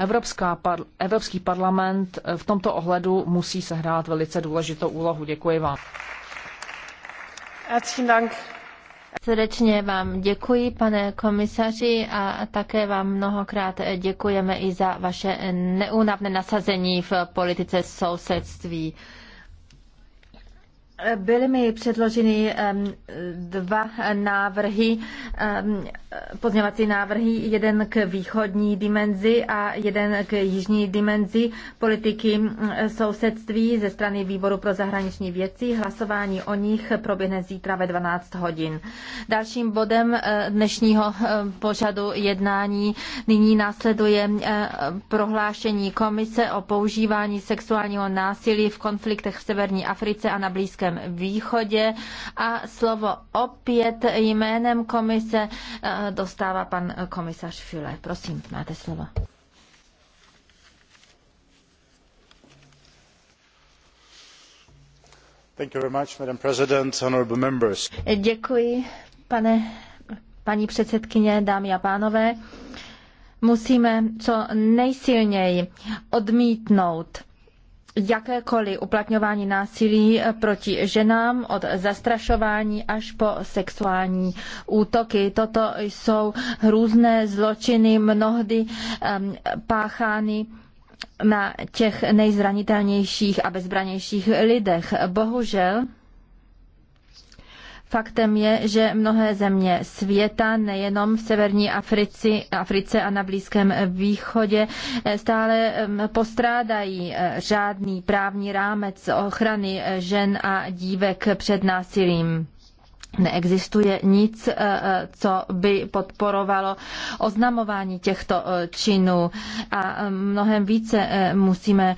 Evropská par- Evropský parlament eh, v tomto ohledu musí sehrát velice důležitou úlohu. Děkuji vám. Srdečně vám děkuji, pane komisaři, a také vám mnohokrát děkujeme i za vaše neúnavné nasazení v politice sousedství. Byly mi předloženy dva návrhy, pozměňovací návrhy, jeden k východní dimenzi a jeden k jižní dimenzi politiky sousedství ze strany Výboru pro zahraniční věci. Hlasování o nich proběhne zítra ve 12 hodin. Dalším bodem eh, dnešního eh, pořadu jednání nyní následuje eh, prohlášení komise o používání sexuálního násilí v konfliktech v severní Africe a na blízké. Blízkém východě a slovo opět jménem komise eh, dostává pan komisař Füle. Prosím, máte slovo. Thank you very much, Madam President, honorable members. Děkuji, pane, paní předsedkyně, dámy a pánové. Musíme co nejsilněji odmítnout jakékoliv uplatňování násilí proti ženám, od zastrašování až po sexuální útoky. Toto jsou různé zločiny, mnohdy páchány na těch nejzranitelnějších a bezbranějších lidech. Bohužel, Faktem je, že mnohé země světa, nejenom v severní Africi, Africe a na Blízkém východě, eh, stále postrádají eh, řádný právní rámec ochrany eh, žen a dívek před násilím. Neexistuje nic, co by podporovalo oznamování těchto činů a mnohem více musíme,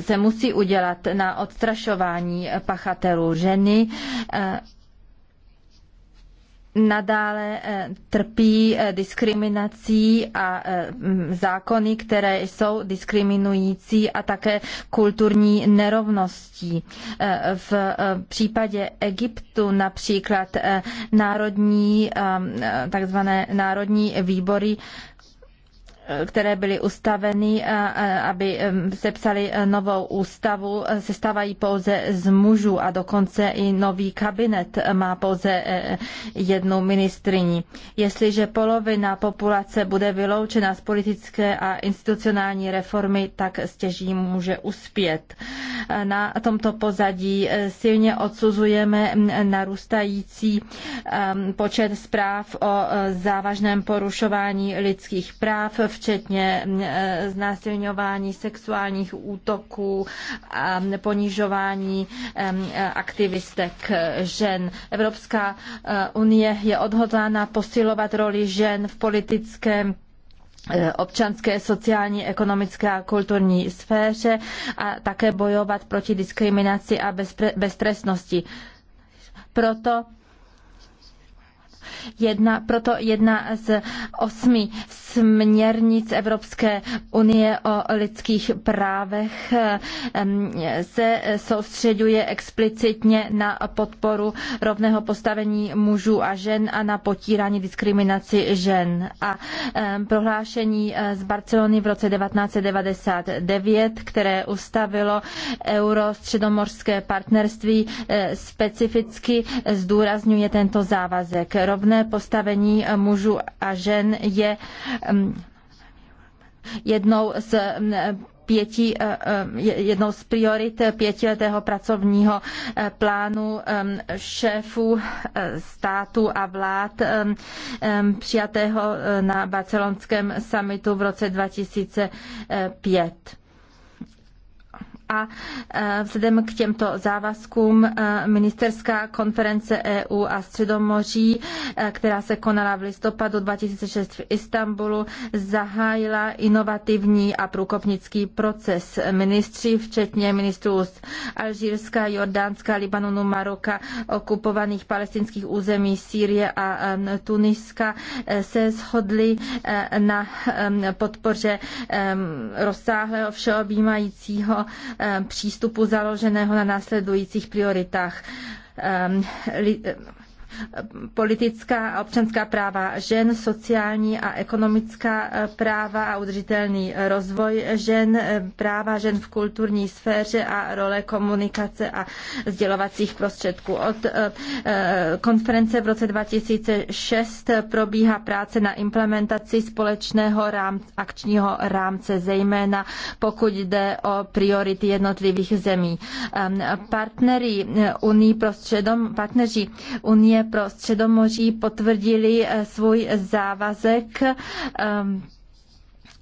se musí udělat na odstrašování pachatelů ženy nadále eh, trpí eh, diskriminací a eh, zákony, které jsou diskriminující a také kulturní nerovností. V případě Egyptu například národní, takzvané národní výbory které byly ustaveny, aby sepsali e, novou ústavu, e, se stávají pouze z mužů a dokonce i nový kabinet má pouze e, jednu ministriní. Jestliže polovina populace bude vyloučena z politické a institucionální reformy, tak stěží může uspět. Na tomto pozadí silně odsuzujeme narůstající počet zpráv o závažném porušování lidských práv v včetně mm, e, znásilňování, sexuálních útoků a ponižování mm, e, aktivistek e, žen. Evropská unie je odhodlána posilovat roli žen v politickém občanské, sociální, ekonomické a kulturní sféře a také bojovat proti diskriminaci a beztrestnosti. Proto Jedna, proto jedna z osmi směrnic Evropské unie o lidských právech se soustředuje explicitně na podporu rovného postavení mužů a žen a na potírání diskriminaci žen. A prohlášení eh, z Barcelony v roce 1999, které ustavilo Euro-středomorské partnerství, eh, specificky zdůrazňuje tento závazek rovné postavení mužů a žen je mm, jednou z mm, pěti, eh, eh, jednou z priorit pětiletého pracovního eh, plánu mm, šéfů států a vlád přijatého na barcelonském summitu v roce 2005 a e, vzhledem k těmto závazkům e, ministerská konference EU a Středomoří, e, která se konala v listopadu 2006 v Istanbulu, zahájila inovativní a průkopnický proces. Ministři, včetně ministrů z Alžírska, Jordánska, Libanonu, Maroka, okupovaných palestinských území Sýrie a Tuniska se shodli na podpoře rozsáhlého všeobjímajícího Eh, přístupu založeného na následujících prioritách ehm, politická a občanská práva žen, sociální a ekonomická eh, práva a udržitelný rozvoj žen, eh, práva žen v kulturní sféře a role komunikace a sdělovacích prostředků. Od eh, konference v roce 2006 probíhá práce na implementaci společného rámce, akčního rámce, zejména pokud jde o priority jednotlivých zemí. Ehm, partnery Unii prostředom, partneři Unie země pro Středomoří potvrdili eh, svůj závazek ehm,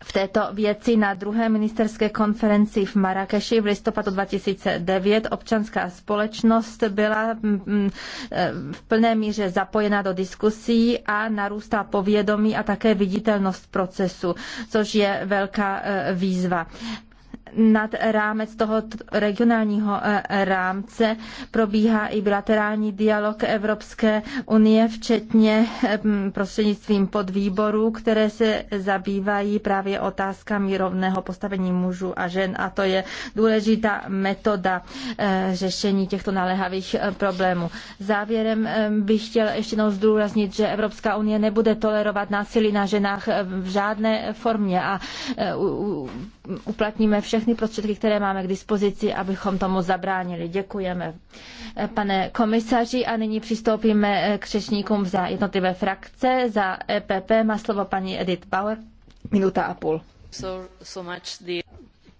v této věci na druhé ministerské konferenci v Marrakeši v listopadu 2009 občanská společnost byla mm, mm, eh, v plné míře zapojena do diskusí a narůstá povědomí a také viditelnost procesu, což je velká eh, výzva nad rámec toho regionálního eh, rámce probíhá i bilaterální dialog Evropské unie, včetně hm, prostřednictvím podvýborů, které se zabývají právě otázkami rovného postavení mužů a žen. A to je důležitá metoda eh, řešení těchto naléhavých eh, problémů. Závěrem bych chtěl ještě jednou zdůraznit, že Evropská unie nebude tolerovat násilí na ženách v žádné formě a uplatníme vše všechny prostředky, které máme k dispozici, abychom tomu zabránili. Děkujeme, pane komisaři. A nyní přistoupíme eh, k řečníkům za jednotlivé frakce. Za EPP má slovo paní Edith Bauer. Minuta a půl. So, so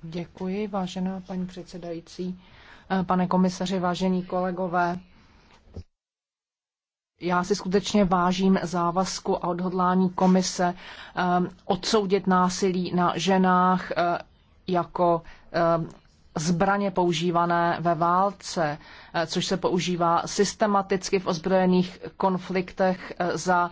Děkuji, vážená paní předsedající, eh, pane komisaři, vážení kolegové. Já si skutečně vážím závazku a odhodlání komise ehm, odsoudit násilí na ženách eh, jako eh, zbraně používané ve válce, eh, což se používá systematicky v ozbrojených konfliktech eh, za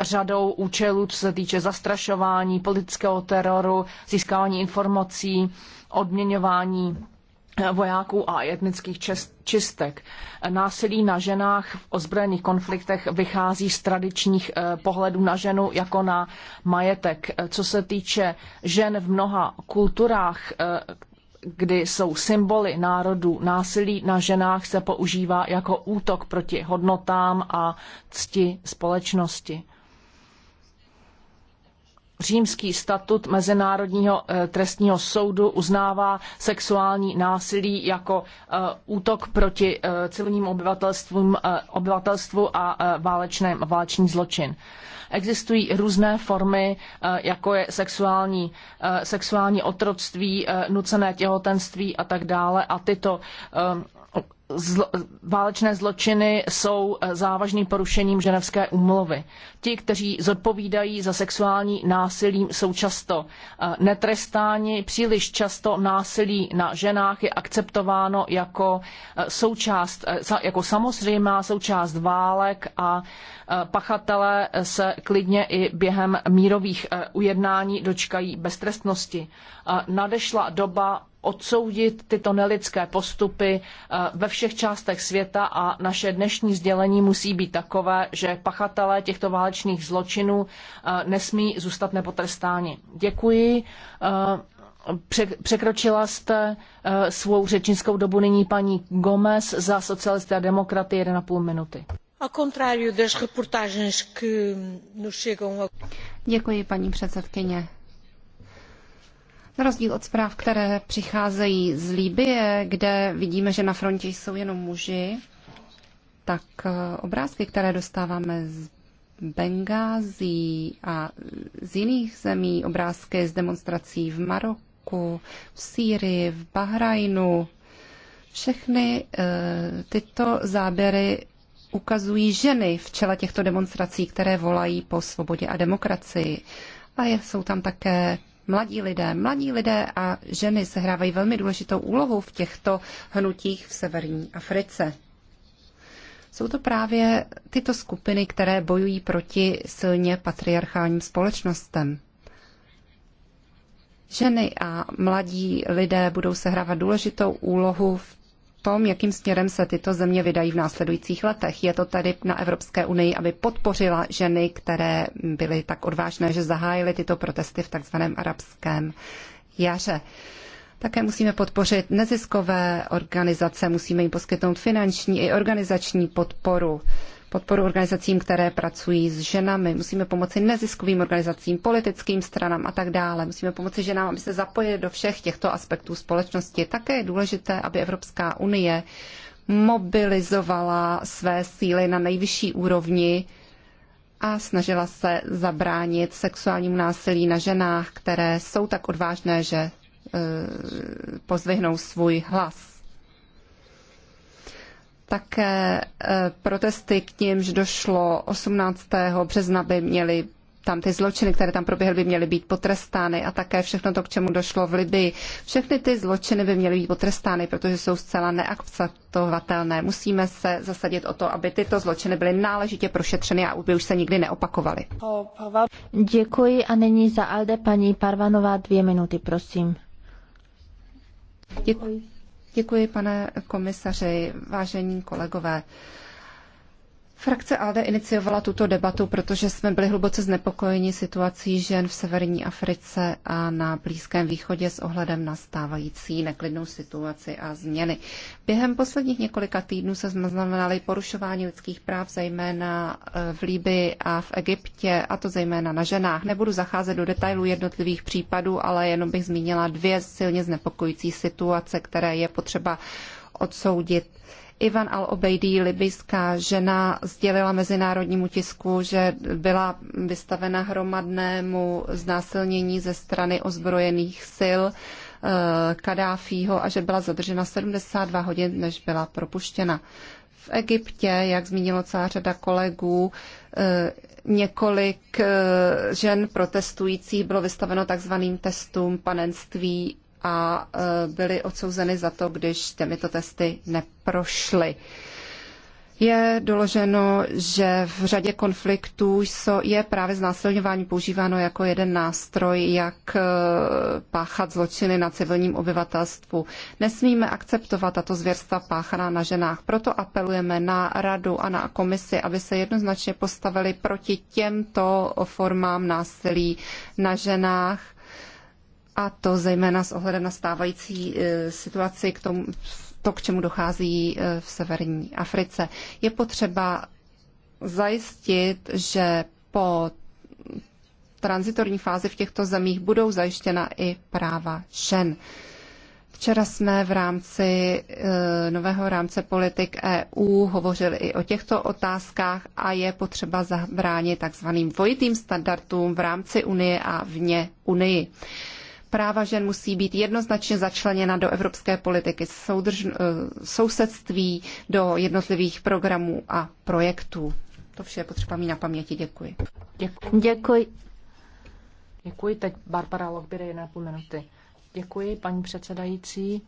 řadou účelů, co se týče zastrašování, politického teroru, získávání informací, odměňování vojáků a etnických čistek. Násilí na ženách v ozbrojených konfliktech vychází z tradičních eh, pohledů na ženu jako na majetek. Co se týče žen v mnoha kulturách, eh, kdy jsou symboly národů, násilí na ženách se používá jako útok proti hodnotám a cti společnosti římský statut Mezinárodního eh, trestního soudu uznává sexuální násilí jako eh, útok proti eh, civilním obyvatelstvům, obyvatelstvu a válečný zločin. Existují různé formy, jako je sexuální, sexuální otroctví, nucené těhotenství a tak dále. A tyto zlo, válečné zločiny jsou eh, závažným porušením ženevské úmluvy. Ti, kteří zodpovídají za sexuální násilí, jsou často eh, netrestáni. Příliš často násilí na ženách je akceptováno jako eh, součást, jako samozřejmá součást válek a pachatelé se klidně i během mírových ujednání dočkají beztrestnosti. Nadešla doba odsoudit tyto nelidské postupy eh, ve všech částech světa a naše dnešní sdělení musí být takové, že pachatelé těchto válečných zločinů eh, nesmí zůstat nepotrestáni. Děkuji. Eh, překročila jste svou řečnickou dobu nyní paní Gomez za socialisty a demokraty 1,5 minuty. Děkuji, paní předsedkyně. Na rozdíl od zpráv, které přicházejí z Líbie, kde vidíme, že na frontě jsou jenom muži, tak eh, obrázky, které dostáváme z Bengází a z jiných zemí, obrázky z demonstrací v Maroku, v Sýrii, v Bahrajnu, všechny eh, tyto záběry ukazují ženy v čele těchto demonstrací, které volají po svobodě a demokracii. A jsou tam také mladí lidé. Mladí lidé a ženy sehrávají velmi důležitou úlohu v těchto hnutích v severní Africe. Jsou to právě tyto skupiny, které bojují proti silně patriarchálním společnostem. Ženy a mladí lidé budou sehrávat důležitou úlohu v tom, jakým směrem se tyto země vydají v následujících letech. Je to tedy na Evropské unii, aby podpořila ženy, které byly tak odvážné, že zahájily tyto protesty v takzvaném arabském jaře. Také musíme podpořit neziskové organizace, musíme jim poskytnout finanční i organizační podporu. Uh, podporu organizacím, které pracují s ženami. Musíme pomoci neziskovým organizacím, politickým stranám a tak dále. Musíme pomoci ženám, aby se zapojili do všech těchto aspektů společnosti. Také je důležité, aby Evropská unie mobilizovala své síly na nejvyšší úrovni a snažila se zabránit sexuálnímu násilí na ženách, které jsou tak odvážné, že eh, pozvihnou svůj hlas. Také e, protesty k nímž došlo 18. března by měly tam ty zločiny, které tam proběhly, by měly být potrestány a také všechno to, k čemu došlo v Libii. Všechny ty zločiny by měly být potrestány, protože jsou zcela neakceptovatelné. Musíme se zasadit o to, aby tyto zločiny byly náležitě prošetřeny a aby už se nikdy neopakovaly. Děkuji a nyní za Alde paní Parvanová dvě minuty, prosím. Děkuji. Děkuji, pane komisaři, vážení kolegové. Frakce ALDE iniciovala tuto debatu, protože jsme byli hluboce znepokojeni situací žen v severní Africe a na Blízkém východě s ohledem na stávající neklidnou situaci a změny. Během posledních několika týdnů se znamenaly porušování lidských práv, zejména e, v Líbii a v Egyptě, a to zejména na ženách. Nebudu zacházet do detailů jednotlivých případů, ale jenom bych zmínila dvě silně znepokojící situace, které je potřeba odsoudit Ivan Al-Obejdi, libyská žena, sdělila mezinárodnímu tisku, že byla vystavena hromadnému znásilnění ze strany ozbrojených sil eh, Kadáfího a že byla zadržena 72 hodin, než byla propuštěna. V Egyptě, jak zmínilo celá řada kolegů, eh, několik eh, žen protestujících bylo vystaveno takzvaným testům panenství a e, byly odsouzeny za to, když těmito testy neprošly. Je doloženo, že v řadě konfliktů je právě znásilňování používáno jako jeden nástroj, jak e, páchat zločiny na civilním obyvatelstvu. Nesmíme akceptovat tato zvěrstva páchaná na ženách. Proto apelujeme na radu a na komisi, aby se jednoznačně postavili proti těmto formám násilí na ženách a to zejména s ohledem na stávající e, situaci k tomu, to, k čemu dochází e, v severní Africe. Je potřeba zajistit, že po transitorní fázi v těchto zemích budou zajištěna i práva žen. Včera jsme v rámci e, nového rámce politik EU hovořili i o těchto otázkách a je potřeba zabránit takzvaným dvojitým standardům v rámci Unie a vně Unii. Práva žen musí být jednoznačně začleněna do evropské politiky soudrž, eh, sousedství, do jednotlivých programů a projektů. To vše je potřeba mít na paměti. Děkuji. Děkuji. Děkuji. Děkuji. Teď Barbara Lochbire, jedna půl minuty. Děkuji, paní předsedající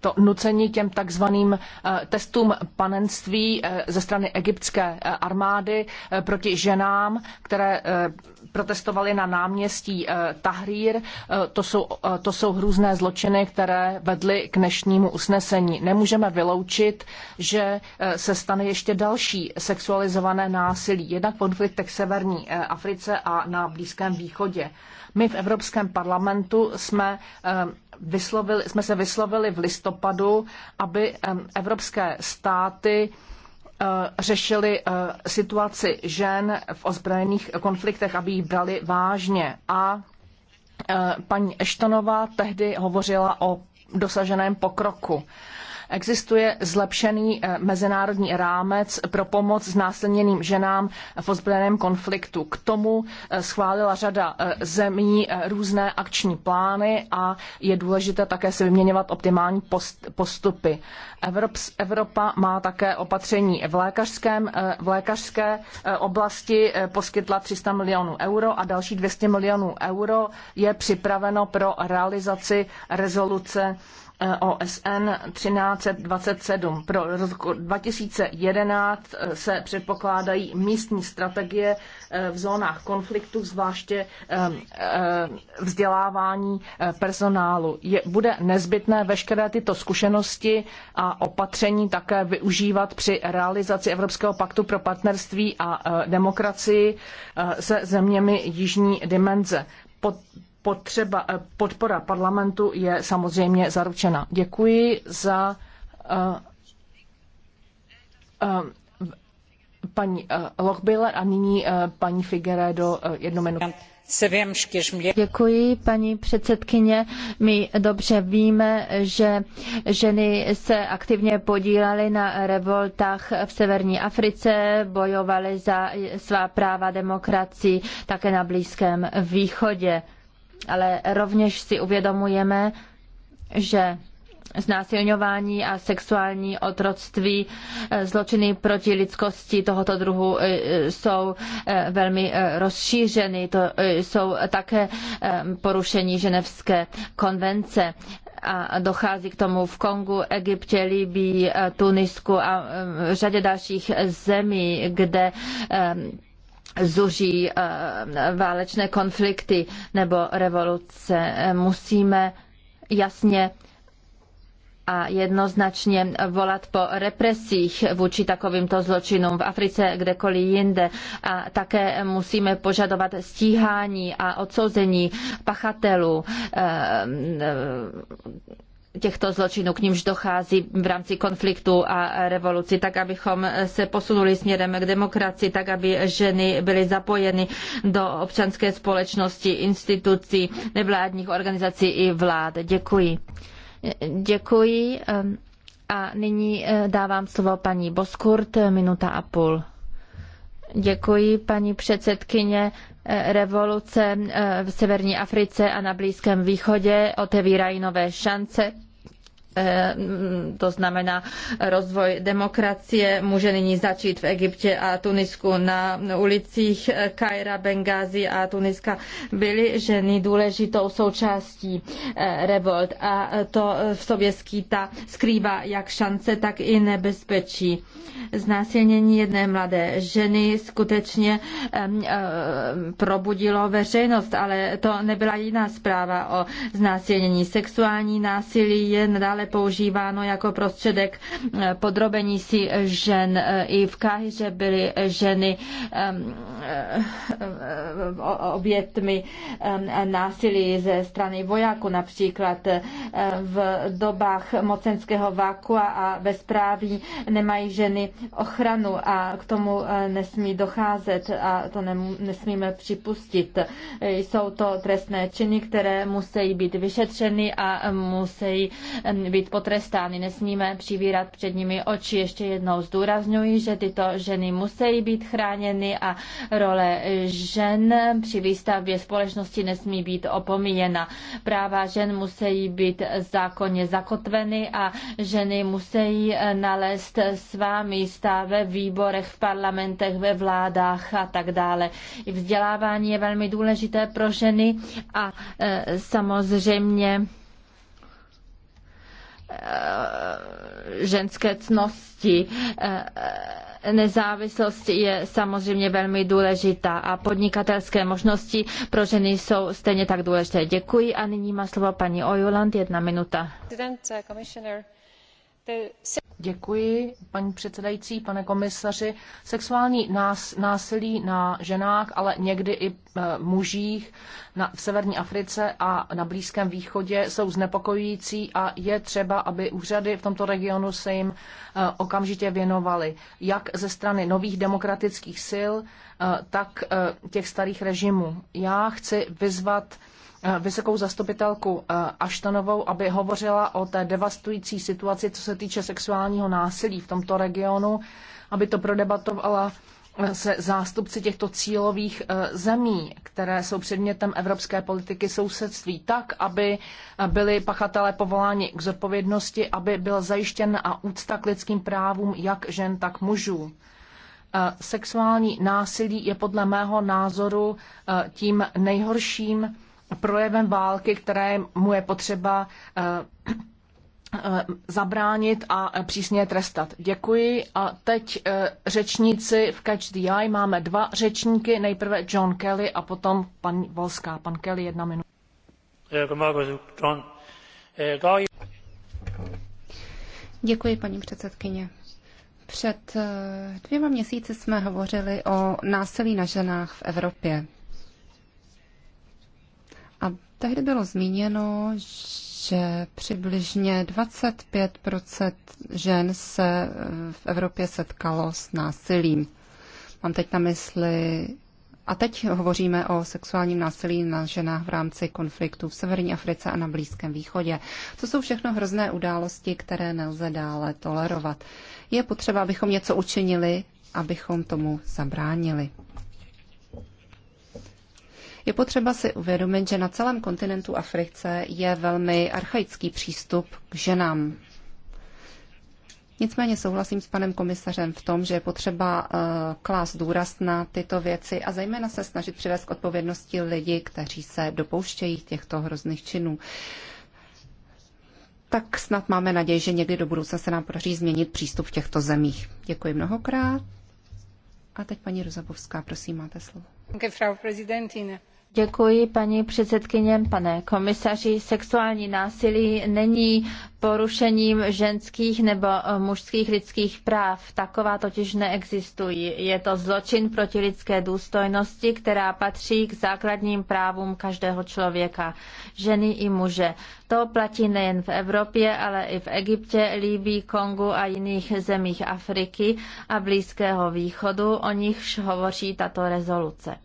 to nucení těm takzvaným eh, testům panenství eh, ze strany egyptské eh, armády proti ženám, které protestovaly na náměstí Tahrir. To jsou, to jsou hrůzné zločiny, které vedly k dnešnímu usnesení. Nemůžeme vyloučit, že se stane ještě další sexualizované násilí. Jednak v konfliktech v Severní Africe a na Blízkém východě. My v Evropském parlamentu jsme vyslovili, jsme se vyslovili v listopadu, aby evropské státy eh, řešili eh, situaci žen v ozbrojených konfliktech, aby ji brali vážně. A eh, paní Eštonová tehdy hovořila o dosaženém pokroku. Existuje zlepšený eh, mezinárodní rámec pro pomoc znásilněným ženám v ozbrojeném konfliktu. K tomu eh, schválila řada eh, zemí různé akční plány a je důležité také se vyměňovat optimální postupy. Evropa má také opatření v, lékařském, v lékařské oblasti, poskytla 300 milionů euro a další 200 milionů euro je připraveno pro realizaci rezoluce E OSN 1327. Pro roku 2011 e, se předpokládají místní strategie e, v zónách konfliktu, zvláště vzdělávání personálu. Je, bude nezbytné veškeré tyto zkušenosti a opatření také využívat při realizaci Evropského paktu pro partnerství a demokracii se zeměmi jižní dimenze. Pod potřeba, eh, podpora parlamentu je samozřejmě zaručena. Děkuji za eh, eh, paní Lochbiller a nyní paní Figueredo uh, jednu minutu. Děkuji, paní předsedkyně. My dobře víme, že ženy se aktivně podílely na revoltách v severní Africe, bojovaly za svá práva demokracii také na Blízkém východě ale rovněž si uvědomujeme, že znásilňování a sexuální otroctví, eh, zločiny proti lidskosti tohoto druhu eh, jsou eh, velmi rozšířeny. To jsou také porušení ženevské konvence a dochází k tomu v Kongu, Egyptě, Libii, Tunisku a řadě dalších zemí, kde zuří eh, válečné konflikty nebo revoluce. Eh, musíme jasně a jednoznačně volat po represích vůči takovýmto zločinům v Africe, kdekoliv jinde. A také musíme požadovat stíhání a odsouzení pachatelů eh, těchto zločinů, k nímž dochází v rámci konfliktu a revoluci, tak abychom se posunuli směrem k demokracii, tak aby ženy byly zapojeny do občanské společnosti, institucí, nevládních organizací i vlád. Děkuji. Děkuji. A nyní eh, dávám slovo paní Boskurt, minuta a půl. Děkuji, paní předsedkyně revoluce eh, v severní Africe a na Blízkém východě otevírají nové šance Eh, to znamená rozvoj demokracie, může nyní začít v Egyptě a Tunisku. Na ulicích Kaira, Bengázi a Tuniska byly ženy důležitou součástí eh, revolt a to v sobě skýta, skrývá jak šance, tak i nebezpečí. Znásilnění jedné mladé ženy skutečně eh, probudilo veřejnost, ale to nebyla jiná zpráva o znásilnění. Sexuální násilí je nadále stále používáno jako prostředek eh, podrobení si žen. Eh, I v Káhyře byly eh, ženy obětmi násilí ze strany vojáků například v dobách mocenského vákua a bezpráví nemají ženy ochranu a k tomu nesmí docházet a to nesmíme připustit. Jsou to trestné činy, které musí být vyšetřeny a musí být potrestány, nesmíme přivírat před nimi oči. Ještě jednou zdůrazňuji, že tyto ženy musí být chráněny a role žen při výstavbě společnosti nesmí být opomíjena. Práva žen musí být zákonně zakotveny a ženy musí nalézt svá místa ve výborech, v parlamentech, ve vládách a tak dále. I vzdělávání je velmi důležité pro ženy a e, samozřejmě Eh, ženské cnosti. Eh, nezávislost je samozřejmě velmi důležitá a podnikatelské možnosti pro ženy jsou stejně tak důležité. Děkuji a nyní má slovo paní Ojuland, jedna minuta. Děkuji, paní předsedající, pane komisaři. Sexuální nás, násilí na ženách, ale někdy i e, mužích na, v severní Africe a na Blízkém východě jsou znepokojující a je třeba, aby úřady v tomto regionu se jim e, okamžitě věnovaly. Jak ze strany nových demokratických sil, e, tak těch starých režimů. Já chci vyzvat Eh, vysokou zastupitelku eh, Aštanovou, aby hovořila o té devastující situaci, co se týče sexuálního násilí v tomto regionu, aby to prodebatovala eh, se zástupci těchto cílových zemí, které jsou předmětem evropské politiky sousedství, tak, aby byli pachatelé povoláni k zodpovědnosti, aby byl zajištěn a úcta k lidským právům jak žen, tak mužů. Sexuální násilí je podle mého názoru tím nejhorším projevem války, které mu je potřeba eh, eh, zabránit a přísně trestat. Děkuji. A teď eh, řečníci v Catch the Eye. Máme dva řečníky, nejprve John Kelly a potom pan Volská. Pan Kelly, jedna minuta. Děkuji, paní předsedkyně. Před dvěma měsíci jsme hovořili o násilí na ženách v Evropě. Tehdy bylo zmíněno, že přibližně 25 žen se eh, v Evropě setkalo s násilím. Mám teď na mysli. A teď hovoříme o sexuálním násilí na ženách v rámci konfliktů v Severní Africe a na Blízkém východě. To jsou všechno hrozné události, které nelze dále tolerovat. Je potřeba, abychom něco učinili, abychom tomu zabránili. Je potřeba si uvědomit, že na celém kontinentu Africe je velmi archaický přístup k ženám. Nicméně souhlasím s panem komisařem v tom, že je potřeba uh, klást důraz na tyto věci a zejména se snažit přivést k odpovědnosti lidi, kteří se dopouštějí těchto hrozných činů. Tak snad máme naději, že někdy do budoucna se nám podaří změnit přístup v těchto zemích. Děkuji mnohokrát. A teď paní Rozabovská, prosím, máte slovo. Děkuji, frau prezidentine. Děkuji, paní předsedkyně, pane komisaři. Sexuální násilí není porušením ženských nebo mužských lidských práv. Taková totiž neexistují. Je to zločin proti lidské důstojnosti, která patří k základním právům každého člověka, ženy i muže. To platí nejen v Evropě, ale i v Egyptě, Líbí, Kongu a jiných zemích Afriky a Blízkého východu, o nichž hovoří tato rezoluce.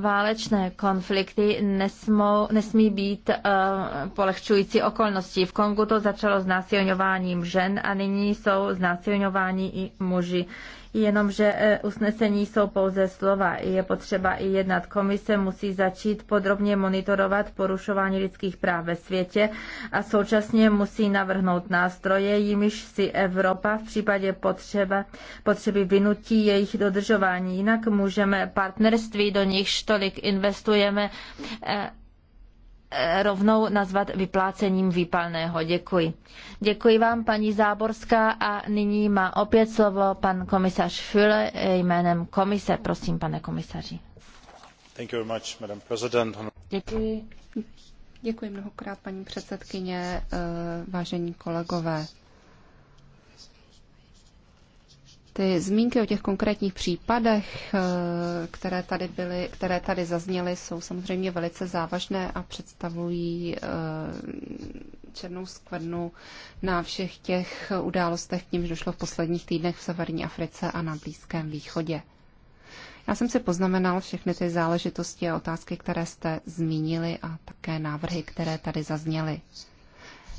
Válečné konflikty nesmou, nesmí být uh, polehčující okolností. V Kongu to začalo s žen a nyní jsou znásilňováni i muži jenomže e, usnesení jsou pouze slova. Je potřeba i jednat. Komise musí začít podrobně monitorovat porušování lidských práv ve světě a současně musí navrhnout nástroje, jimiž si Evropa v případě potřeba, potřeby vynutí jejich dodržování. Jinak můžeme partnerství, do nichž tolik investujeme, e, rovnou nazvat vyplácením výpalného. Děkuji. Děkuji vám, paní Záborská, a nyní má opět slovo pan komisař Füle jménem komise. Prosím, pane komisaři. Thank you very much, Madam President. Děkuji. Děkuji mnohokrát, paní předsedkyně, eh, vážení kolegové. Ty zmínky o těch konkrétních případech, eh, které tady, byly, které tady zazněly, jsou samozřejmě velice závažné a představují eh, černou skvrnu na všech těch událostech, k nímž došlo v posledních týdnech v severní Africe a na Blízkém východě. Já jsem si poznamenal všechny ty záležitosti a otázky, které jste zmínili a také návrhy, které tady zazněly.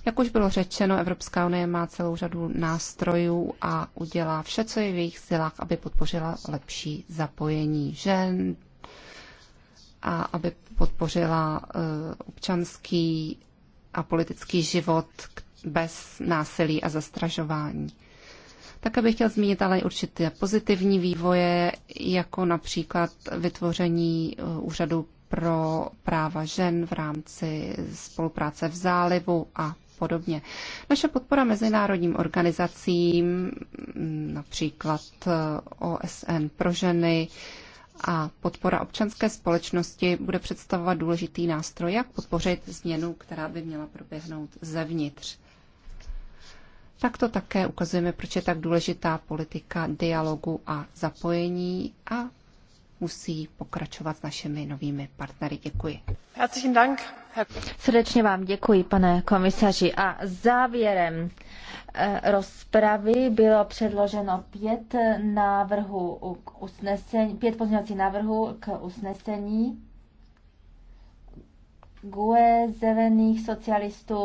Jak už bylo řečeno, Evropská unie má celou řadu nástrojů a udělá vše, co je v jejich silách, aby podpořila lepší zapojení žen a aby podpořila eh, občanský a politický život bez násilí a zastražování. Také bych chtěl zmínit ale i určité pozitivní vývoje, jako například vytvoření eh, úřadu pro práva žen v rámci spolupráce v zálivu a podobně. Naše podpora mezinárodním organizacím, například eh, OSN pro ženy, a podpora občanské společnosti bude představovat důležitý nástroj, jak podpořit změnu, která by měla proběhnout zevnitř. Tak to také ukazujeme, proč je tak důležitá politika dialogu a zapojení a musí pokračovat s našimi novými partnery. Děkuji. Herzlichen Dank. Srdečně vám děkuji, pane komisaři. A závěrem eh, rozpravy bylo předloženo pět návrhů k usnesení, pět pozměňovacích návrhů k usnesení GUE zelených socialistů